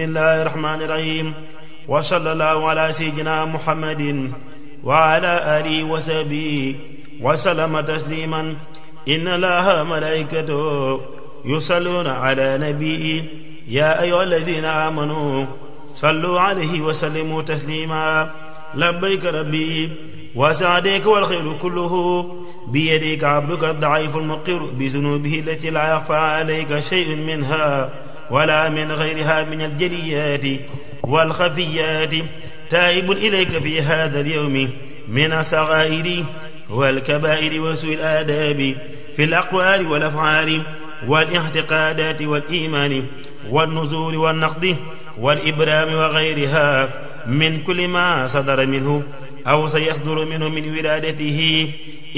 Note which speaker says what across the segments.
Speaker 1: bismillaahi rahmaani rahiim wa sallallaahu alaa sayyidinaa muhammadin wa alaa aalihi wa sahbihi wa sallama tasliiman inna llaaha malaa'ikatahu yusalluuna alaa nabiyyihi yaa ayyuha allaziina aamanuu sallu alayhi wa sallimuu tasliimaa labbayka rabbii wa sa'dayka wal xayru kulluhu biyadika abduka ad-da'iifu al-muqirru bi zunuubihi allatii laa yaxfaa alayka shay'un minhaa wala min geyriha min aljaliyaati walxafiyaati taa'ibun ilayka fi hada alyowmi min asagaa'iri walkabaa'iri wa suui alaadaabi fi alaqwaali walafcaali walixtiqaadaati walimaani walnuzuuri walnaqdi walibraami wa geyriha min kulli ma sadara minhu aw sa yaxduru minhu min wilaadatihi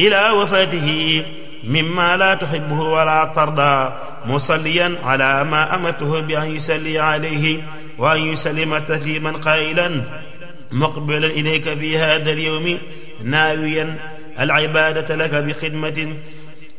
Speaker 1: ila wafaatihi mimma la tuhibbuhu wala tarda musalliyan ala ma amatuhu bi an yusalli alayhi wa an yusallima tasliman qailan muqbilan ilayka fi hada alyawmi naawiyan alibadata laka bi xidmatin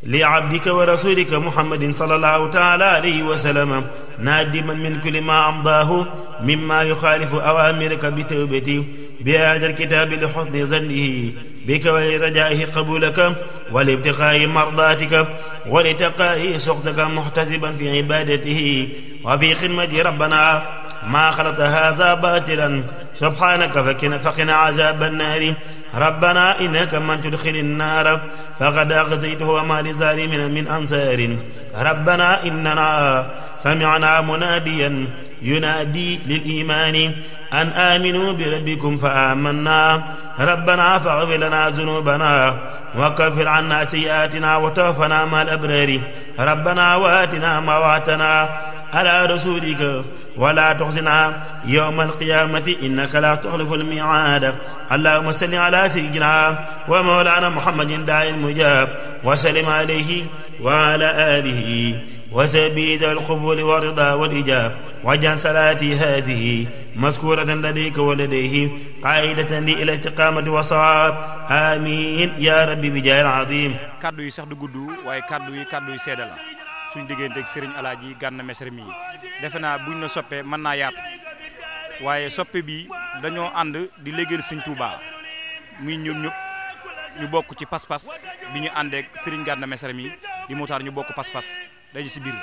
Speaker 1: li abdika wa rasulika muhammadin sallallahu taala alayhi wa sallam naadiman min kulli ma amdaahu mimma yuxaalifu awaamiraka bi tawbati bi hada alkitaabi li xusni zannihi بك ولرجائه قبولك ولابتغاء مرضاتك ولتقاء سخطك محتسبا في عبادته وفي خدمة ربنا ما خلط هذا باطلا سبحانك فقنا فقنا عذاب النار ربنا إنك من تدخل النار فقد أخزيته وما للظالمين من أنصار ربنا إننا سمعنا مناديا ينادي للإيمان an aminu bi rabbikum fa amanna rabbana faghfir lana zunubana wa kaffir anna sayyi'atina wa tawaffana ma'al abrari rabbana wa atina ma wa'adtana ala rasulika wa la tukhzina yawma al-qiyamati innaka la tukhlifu al-mi'ad allahumma salli ala sayyidina wa mawlana muhammadin da'il mujab wa sallim alayhi wa ala alihi wa sahbihi dhil qabuli wa rida wal ijab waj'al salati hadhihi ko مذكورة لديك ولديه قاعدة لي إلى استقامة وصواب آمين يا ربي بجاه العظيم kàddu yi sax du gudd
Speaker 2: waaye kàddu yi kaddu yi seede la suñ diggante ak Serigne Alaaji Gana Mesere mi defe naa buñ la soppee man naa yaatu waaye soppe bi dañoo ànd di liggéeyal Serigne Touba muy ñun ñu bokk ci pas-pas bi ñu àndeek Serigne Gana Mesere mi di mutaar ñu bokk pas-pas daje si biir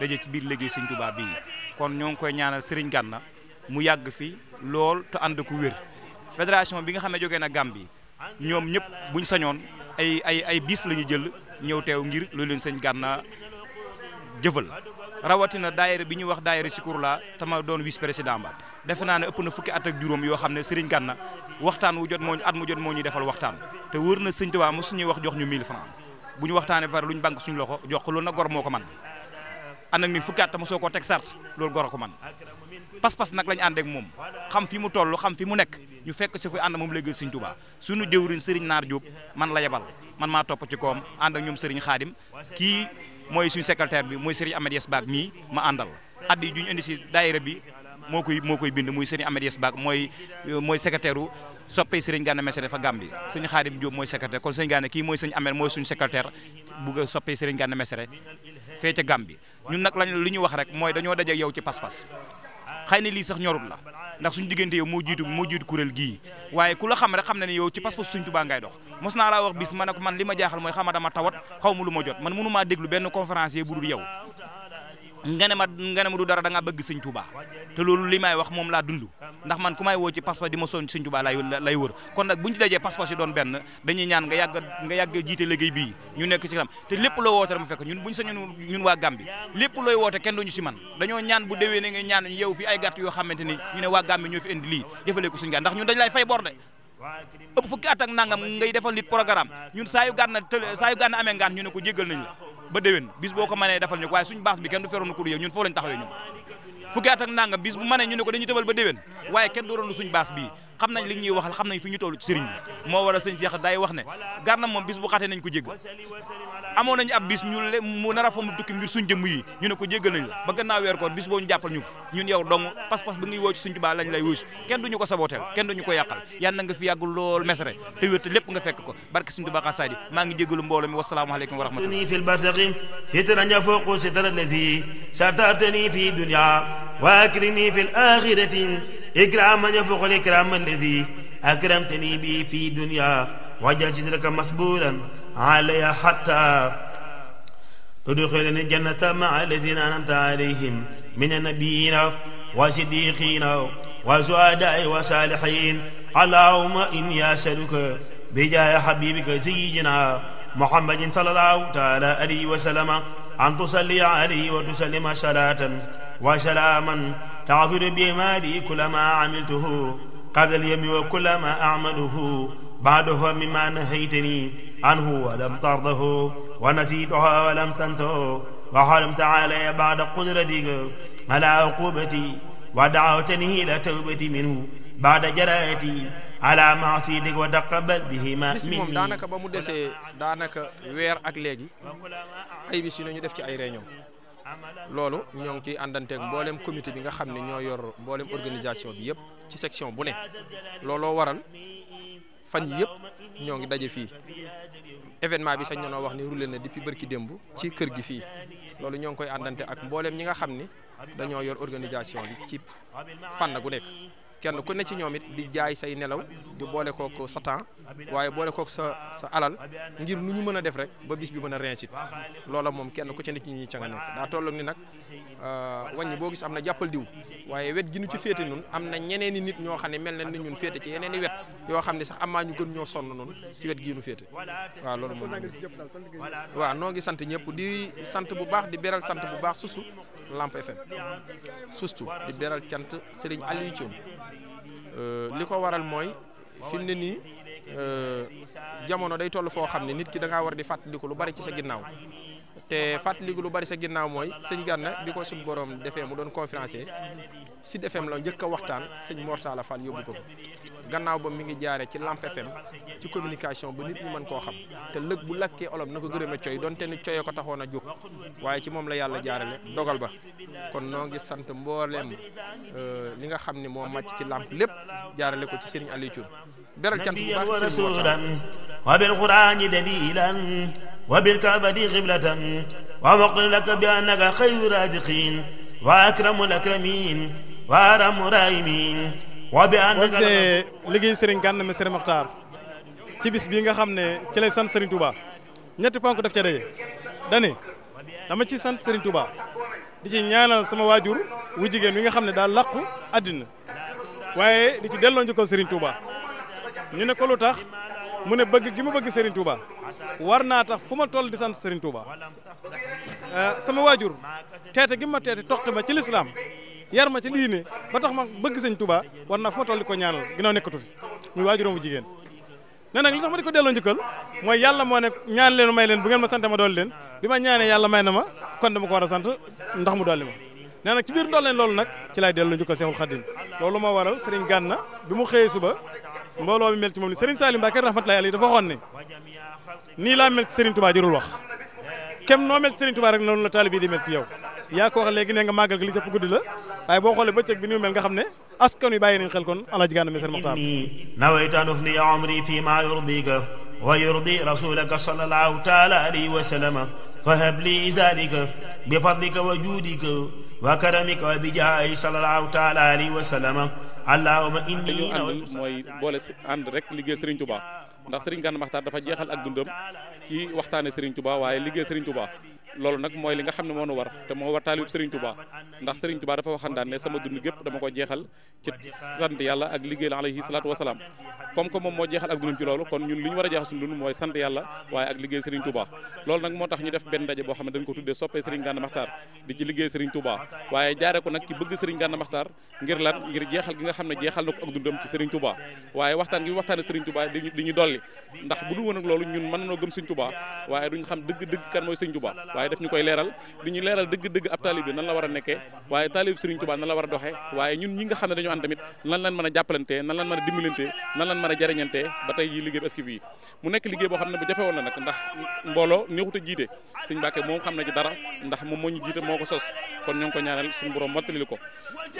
Speaker 2: daje ci biir liggéey Serigne Touba bii kon ñoo ngi koy ñaanal Serigne Gana mu yàgg fi lool te ànd ku wér fédération bi nga xam ne jógee na Gambie ñoom ñëpp buñ sañoon ay ay ay bis la ñu jël ñëw teew ngir loolu leen sëñ Gana jëfal rawatina daayira bi ñu wax daayira Sikurla tama doon vice président ba defe naa ne ëpp na fukki at ak juróom yoo xam ne Serigne Gana waxtaan wu jot moo at mu jot moo ñu defal waxtaan te wër na sëñ Tuubaa mu suñu wax jox ñu 1000 francs bu ñu waxtaanee ba pare lu ñu banque suñu loxo jox ko loolu na gor moo ko man ànd ak nit fukki at te mosoo koo teg sart loolu gor a ko man pas-pas nag lañ ànd ak moom xam fi mu toll xam fi mu nekk ñu fekk si fu ànd moom léegi sëriñ Tuubaa suñu jëwriñ sëriñ Naar Diop man la yebal man maa topp ci koom ànd ak ñoom sëriñ Xaadim kii mooy suñu secrétaire bi mooy sëriñ Ahmed Yes Baag mii ma àndal at yi juñu indi si daayira bi moo koy moo koy bind muy sëriñ Ahmed Yes Baag mooy mooy secrétaire u soppee sëriñ Gana Messere fa Gàmbi sëriñ Xaadim Diop mooy secrétaire kon sëriñ Gana kii mooy sëriñ Ahmed mooy suñu secrétaire bu soppee sëriñ Gana Messere fee ca Gàmbi ñun nag lañ li ñu wax rek mooy dañoo daje yow ci pas-pas xëy na lii sax ñorut la ndax suñu diggante yow moo jiitu moo jiitu kuréel gii waaye ku la xam rek xam na ne yow ci pas-pas suñ tubaa ngay dox mos naa laa wax bis ma ne ko man li ma jaaxal mooy xama dama tawat xaw ma lu ma jot man mënumaa déglu benn conférencier bu dul yow nga ne ma nga ne ma du dara da ngaa bëgg sëñ te loolu li may wax moom laa dund ndax man ku may woo ci passeport di ma soñ sëñ Touba lay lay wër kon bu ñu passeport yi doon benn dañuy ñaan nga yàgg jiite liggéey bii ñu nekk ci te lépp loo woote dama fekk ñun buñ sañoon ñun waa Gambie lépp looy woote kenn duñu si man dañoo ñaan bu déwee ne nga ñaan yow fi ay gàtt yoo xamante ni ñu ne waa Gambie ñoo fi indi lii jëfalee ko suñ gaa ndax ñun dañ lay fay bor de ëpp fukki at nangam ngay defal nit programme ñun saa yu gànna saa yu gànna amee ngaan ba déwén bis boo ko mënee defal ñu waaye suñ baas bi kenn du feroon ku du yow ñun foofu lañ taxawee ñun fukki at ak bis bu mënee ñu ne ko dañuy tëbal ba déwén waaye kenn du roon suñ baas bii xam nañ li ñuy waxal xam nañ fi ñu toll ci moo war a sëñ Cheikh day wax ne Gana moom bis bu xatee nañ ko jéggal amoon nañu ab bis ñu le mu nar a fa mu yi ñu ne ko jéggal nañ la ba gannaaw weer koor bis boo ñu jàppal ñu ñun yow dong pas-pas bi ngay woo ci suñ Tuubaa lañ lay wuyu kenn duñu ko saboteel kenn duñu ko yàqal yal na fi yàggul lool mesere te wér te lépp nga fekk ko barke suñ Tuubaa xasaadi maa ngi jéggalu mbooloo mi
Speaker 1: إكراما يفوق الإكرام الذي أكرمتني به في دنيا واجعل شذلك مصبورا علي حتى تدخلني الجنة مع الذين أنعمت عليهم من النبيين وصديقين وشهداء وصالحين اللهم إني أسألك بجاه حبيبك سيدنا محمد صلى الله تعالى عليه وسلم an tusalli alayhi wa tusallima salaatan wa salaaman taxfiru bimaali kulla ma amiltuhu qabla alyawmi wa kulla ma amaluhu ba'dahu mimma nahaytani anhu wa lam tardahu wa nasituha wa lam tantahu wa xaramta alayya ba'da qudratika ala uqubati wa da'awtani ila tawbati minhu ba'da jaraati ala maasi dig wa daqabal bihima bis bi moom daanaka
Speaker 3: ba mu desee daanaka weer ak léegi ay bis yu ne ñu def ci ay réunion loolu ñoo ngi ciy àndanteeg mbooleem comité bi nga xam ne ñoo yor mbooleem organisation bi yëpp ci section bu ne looloo waral fan yi yëpp ñoo ngi daje fii événement bi sañ na noo wax ni roulé na depuis bërki démb ci kër gi fii loolu ñoo ngi koy àndante ak mbooleem ñi nga xam ni dañoo yor organisation bi ci fànn gu nekk kenn ku ne ci ñoom it di jaay say nelaw di boole kook sa temps waaye boole kook sa sa alal ngir nu ñu mën a def rek ba bis bi mën a réussir loola moom kenn ku ci ne ci ñi ca nga ni nag euh, wàññi boo gis am na jàppal diw waaye wet gi nu ci féete nun am na ñeneen i nit ñoo xam ne mel na ni ñun féete ci yeneen i wet yoo xam ne sax amaa ñu gën ñoo sonn noonu ci wet gii ñu féete waaw loolu moom waaw noo gi sant ñëpp di sant bu baax di beral sant bu baax susu Lamp FM sustu di beral cant Serigne Euh, li ko waral mooy fi mu ne nii euh, jamono day toll foo xam ne nit ki da ngaa war di fàttaliku lu bari ci sa ginnaaw te fàttaliku lu bari sa ginnaaw mooy sëñ Gana bi ko suñu borom defee mu doon conférencier Sud FM la njëkk a waxtaan sëñ Mortala Fall yóbbu ko gannaaw ba mi ngi jaaree ci Lamp FM ci communication ba nit ñi mën koo xam te lëg bu lakkee olom na ko gërëme coy donte ni coyee ko taxoon a jóg waaye ci moom la yàlla jaarale dogal ba kon noo ngi sant mbooleem euh, li nga xam ni moo màcc ci làmp lépp jaarale ko ci sëriñ Aliou beral cant bu baax sëriñ
Speaker 1: wa bilkaabati xiblatan wa maqul laka bi annaka xayru raziqin wa akramul akramin wa arhamu rahimin wa bi annaka see liggéey Serigne Ganna Messere
Speaker 4: Makhtar ci bis bii nga xam ne ci lay sant Serigne Touba ñetti ponk def ca daje dani dama ci sant Serigne Touba di ci ñaanal sama waajur wu jigéen bi nga xam ne daal lakk àddina waaye di ci delloo njukkal Serigne Touba ñu ne ko tax mu ne bëgg gi ma bëgg Serigne Touba war naa tax fu ma toll di sant Serigne Touba euh, sama waajur teete gi ma teete toqi ma ci lislaam yar ma ci lii ne ba tax ma bëgg Serigne Touba war naa fu ma toll di ko ñaanal ginnaaw nekkatu fi muy waajuram bu jigéen. nee nag li tax ma di ko delloo njukkal mooy yàlla moo ne ñaan leen may leen bu ngeen ma sante ma dolli leen bi ma ñaanee yàlla may na ma kon dama ko war a sant ndax mu dolli ma. nee nag ci biir ndol leen loolu nag ci laay delloo njukkal Seexul Xadim loolu moo waral Serigne Gana bi mu xëyee suba. mbooloo mi mel ci moom ni Serigne Saliou Mbacké rahmatullahi alayhi dafa waxoon ne nii laa mel ci Serigne Touba jërul wax kem noo mel ci Serigne Touba rek noonu la taalibe di mel ci yow yaa ko wax léegi ne nga màggal gi li jëpp
Speaker 1: boo xoolee bëccëg bi ni mel nga ne askan wi bàyyi xel kon Alaaji Gana Messere Mokhtar nawaytu an ufniya umri fi ma yurdika wa yurdi rasulaka taala alayhi wa sallam li zalika bi fadlika wa wa karamika wa bijaahi sallallahu taala alayhi wa sallama allahumma inni ànd
Speaker 5: mooy boole ànd rek liggéey Serigne Touba ndax Serigne Gana Makhtar dafa jeexal ak dundam ci waxtaane Serigne Touba waaye liggéey Serigne Touba loolu nag mooy li nga xam ne moo nu war te moo war taalib Serigne Touba ndax Serigne Touba dafa waxan ne sama dund gépp dama ko jeexal ci sant yàlla ak liggéey la alayhi salaatu moom moo jeexal ak dundam ci loolu a jeexal suñu dund mooy sant yàlla waaye ak liggéey Serigne Touba loolu nag moo tax ñu def benn ndaje boo xam ne dañ ko tuddee soppee Serigne Gana Makhtar di ci liggéey Serigne Touba waaye jaare ko nag ci bëgg Serigne Gana Makhtar ngir jeexal gi nga xam ne jeexal na ko ak dundam ci Serigne Touba waaye waxtaan gi waxtaane Serigne Touba di ñu dolli waaye daf ñu koy leeral di ñu leeral dëgg-dëgg ab taalib bi nan la war a nekkee waaye taalib Serigne Touba nan la war a doxee waaye ñun ñi nga xam ne dañoo ànd tamit nan lan mën a jàppalantee nan lan mën a dimbalantee nan lan mën a jariñantee ba tey yi liggéey bi Esquive yi mu nekk liggéey boo xam ne bu jafe woon la nag ndax mbooloo neexut a jiite Serigne Mbacké moom xam na ci dara ndax moom moo ñu jiite moo ko sos kon ñoo ngi ko ñaanal suñu borom mottalil ko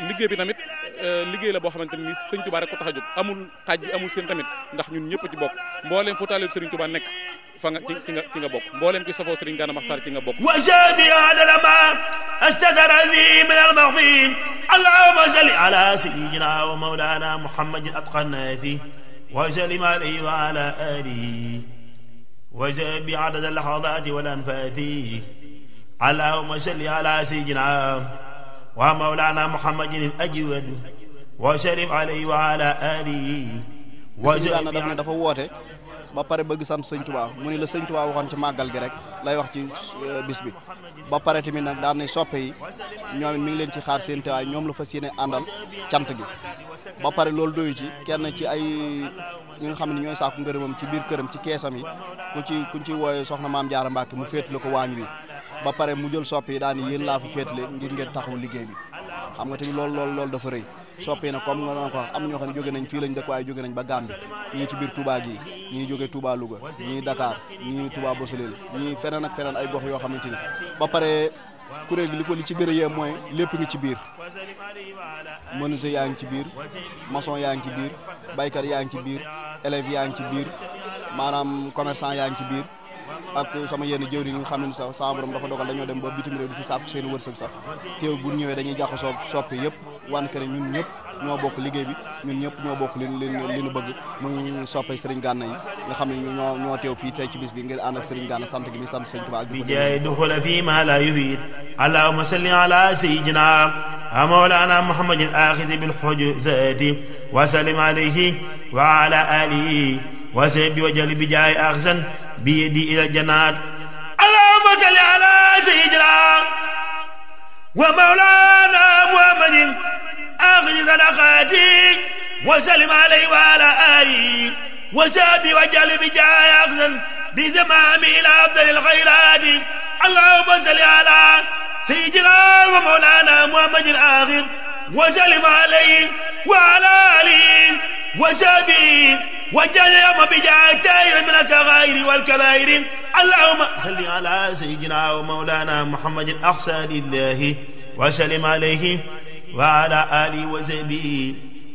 Speaker 5: liggéey bi tamit euh, liggéey la boo xamante ni Serigne Touba rek ko tax a jóg amul xaaj amul seen tamit ndax ñun ñëpp ci bokk mbooleem fu taalib Serigne Touba nekk fa nga ci nga ci nga bokk mboolem ki safoo Serigne Gana Maxtaar ci nga bokk wa jabi adala ma
Speaker 1: astadara fi
Speaker 5: min almaghfin
Speaker 1: allahumma salli ala sayyidina wa mawlana muhammadin atqa nnaasi wa sallim alayhi wa ala alihi wa jabi adada lahadaati wal anfaati allahumma salli ala sayyidina wa mawlana
Speaker 6: muhammadin al-ajwad wa sallim alayhi wa ala alihi
Speaker 1: wa jabi
Speaker 6: dafa woote ba pare bëgg sant sëñ Tuubaa mu ni la sëñ Tuubaa waxoon ci màggal gi rek lay wax ci euh, bis bi ba pare tamit nag daan ne soppe yi ñoom mi ngi leen ci xaar seen waay ñoom la fa yéene àndal cant gi ba pare loolu doyu ci kenn ci ay ñi nga xam ne ñooy sàkku ngërëmam ci biir këram ci keesam yi ku ci ku ci wooyee soxna maam Jaara Mbàkke mu féetale ko waañ wi ba pare mu jël soppe yi daan yéen laa fa féetale ngir ngeen taxaw liggéey bi xam nga tamit lool lool loolu dafa rëy soppee na comme nga am ñoo xam ne jóge nañ fii lañ dëkk waaye jóge nañ ba Gàmbi ñii ci biir Touba gii ñii jóge Touba Louga ñii Dakar ñii Touba Bosolel ñii feneen ak feneen ay gox yoo xamante ni ba pare kuréel gi li ko li ci gën a yee mooy lépp ngi ci biir menuisier yaa ngi ci biir maçon yaa ngi ci biir baykat yaa ngi ci biir élèves yaa ngi ci biir maanaam commerçant yaa ngi ci biir ak sama yenn jëwriñ yi nga xam ne sax sama borom dafa dogal dañoo dem ba bitim réew di fi wërsëg sax teew bu ñëwee dañuy jaxasoo soppi yëpp wan ke ñun ñëpp ñoo bokk liggéey bi ñun ñëpp ñoo bokk li li li nu bëgg muy soppe Serigne Gana yi nga xam ne ñoo ñoo teew fii tey ci bis bi ngir ànd ak Serigne sant gi mi sant Serigne Touba ak bi jaay duxula fii ma la yuhit allahumma salli ala sayyidina mawlana
Speaker 1: muhammadin axidi bil hujjati wa sallim alayhi wa ala alihi wa sahbihi wa jali bi jaay axsan bi yeddi ila janaat allahumma salli ala sayyidina wa mawlana muhammadin akhir sadaqati wa sallim alayhi wa ala alihi wa sahbihi wa jali bi jaay axsan bi zamami ila abdalil xayrati allahumma salli ala sayyidina wa mawlana muhammadin akhir wa sallim alayhi wa ala alihi wa sahbihi wajjana yowma bi jaay taahira min asaxaayiri walkabaayiri allahumma salli ala sayyidina wa mawlana muhammadin axsanillahi wa sallim alayhi wa ala alihi wa sahbihi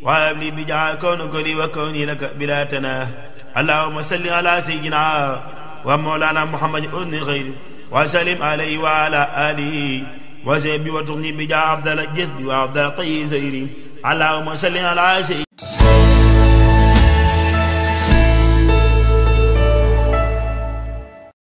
Speaker 1: wa abli bi jaay kawnu koli wa kawni laka bila tanaa allahumma salli ala sayyidina wa mawlana muhammadin urni xayri wa sallim alayhi wa ala alihi wa sahbihi wa tuxni bi jaay afdala jëddi wa afdala tayi sayri allahumma salli ala